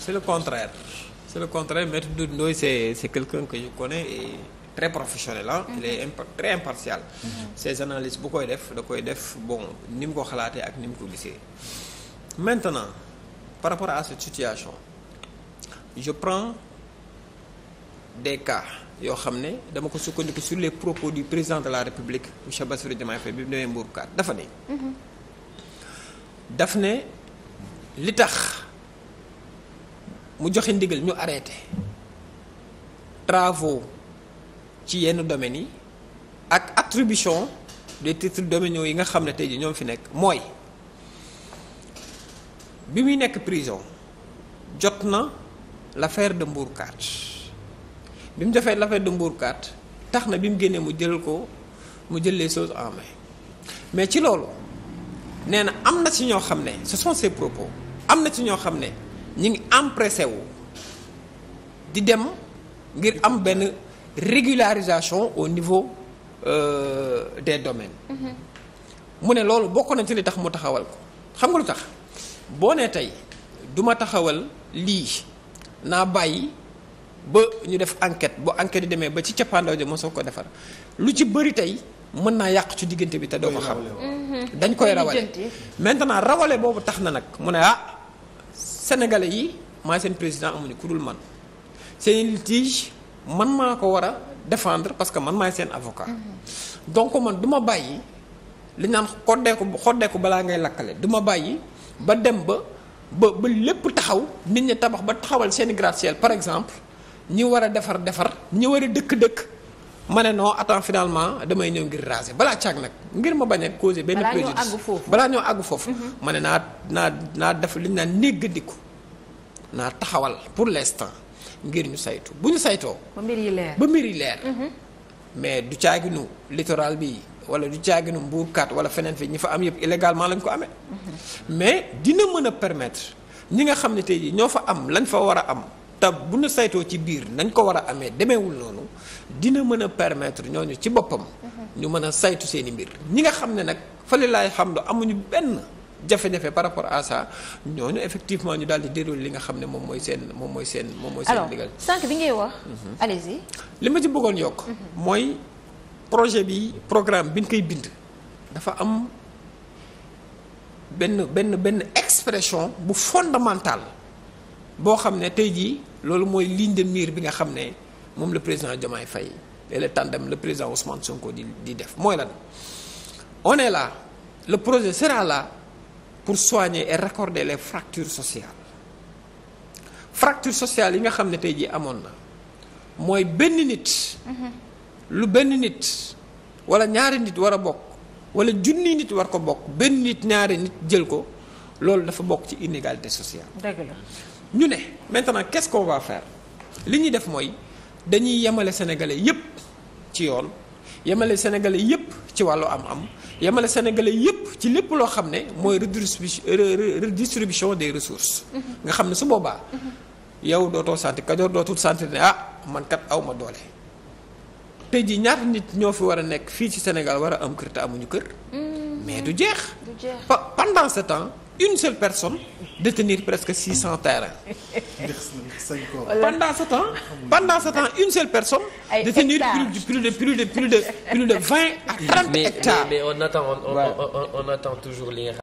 c'est le contraire c'est le contraire maître Doudou Ndoye c'est c'est quelqu'un que je connais et très professionnel ah. il est impartial. ses analyses bu koy def da koy def bon ni mu ko xalaatee ak ni mu ko gisee. maintenant par rapport à cette situation je prends des cas yoo xam ne dama ko sukkandiku sur les propos du président de la république monsieur Bassirou Diomaye Faye bi mu demee Mbourkat dafa ne. daf ne li tax. mu joxe ndigal ñu arrêté travaux ci yenn domaines yi ak atribution des titres domaniaux yi nga xam ne tey jii ñoom fi nekk mooy bi muy nekk prison jot na l'affaire de Mbourkat bi mu defee l'affaire de Mbourkat tax na bi mu génnee mu jëlal ko mu jëlee les en main mais ci loolu nee na am na ci ñoo xam ne ce sont ses propos am na ci ñoo xam ne. ñi ngi empressé wu di dem ngir am benn régularisation au niveau euh, des domaines. Mm-hmm. mu ne loolu bokk nañ ci li tax mu taxawal ko xam nga lu tax boo nee tey duma taxawal lii naa bàyyi ba ñu def enquête bu enquête yi demee ba ci cappaandaw ma mosoo ko defar lu ci bëri tey mën naa yàq ci diggante bi te doo ko xam. Mm-hmm. dañ koy rawale maintenant rawale boobu tax na nag mu ne ah. sénégalais yi maay seen président amuñu ku dul man seen litige man maa ko war a défendre parce que man maay seen avocat. Mhm. donc man duma bàyyi li naan xoddeeku xoddeeku balaa ngay lakkale du bàyyi ba dem ba ba ba lépp taxaw nit ñi tabax ba taxawal seen gratte par exemple ñi war a defar defar ñi war a dëkk dëkk. ma ne non attends finalement damay ñëw ngir raser balaa caag nag ngir ma bañ a causer benn préjudice balaa ñoo àgg foofu mhm. ma ne naa naa naa def li ñu naan néggandiku naa taxawal pour les temps ngir ñu saytu bu ñu saytoo ba mbir yi leer ba mbir yi mhm. mais du caaginu littoral bi wala du caaginu mbuurkat wala feneen fi ñi fa am yëpp illégalement lañ ko amee mhm. mais dina mën a permettre ñi nga xam ne tey jii ñoo fa am lañ fa war a am te bu ñu saytoo ci biir nañ ko war a amee demeewul noonu dina mën a permettre ñooñu ci boppam. ñu mën a saytu seen i mbir. ñi nga xam ne nag fële laay xam ne amuñu benn jafe-jafe par rapport à ça ñooñu effectivement ñu daal di déroulé li nga xam ne moom mooy seen moom mooy seen. moom mooy seen digal alors bi ngay wax. Mhm. allez-y. li ma ci bëggoon yokk. Mhm. mooy projet bi programme bi ñu koy bind. dafa am benn benn benn expression bu fondamentale boo xam ne tey jii loolu mooy ligne de mire bi nga xam ne moom la président Diomaye Faye et le tandem le président Ousmane Sonko di di def mooy lan on est là le projet sera là pour soigner et raccorder les fractures sociales fracture sociale yi nga xam ne tey jii amoon na mooy benn nit. Mm-hmm. lu benn nit wala ñaari nit war a bokk wala junni nit war ko bokk benn nit ñaari nit jël ko loolu dafa bokk ci inégalité sociale. ñu ne maintenant qu'est-ce qu'on va li ñuy def mooy dañuy yemale sénégalais yépp ci yoon yemale sénégalais yépp ci wàllu am-am yemale sénégalais yépp ci lépp loo xam ne mooy redistribution des ressources. Mm-hmm. nga xam ne su boobaa. Mm-hmm. yow dootoo santi Kajoor dootul santi ne ah man kat aw doole. te jii ñaata nit ñoo fi war a nekk fii ci Sénégal war a am kër te amuñu kër. Mm. mais du jeex. du jeex pendant ce temps. une seule personne détenir presque 600 terrains. pendant ce temps pendant ce temps une seule personne. ay détenir plus de plus de plus de plus de plus de à 30 hectares.